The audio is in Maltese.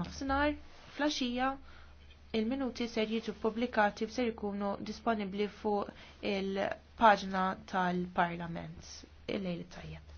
Nafsinar, flasġija, il-minuti ser jiġu publikati ser jikunu disponibli fuq il-paġna tal-Parlament il-lejl tajjeb.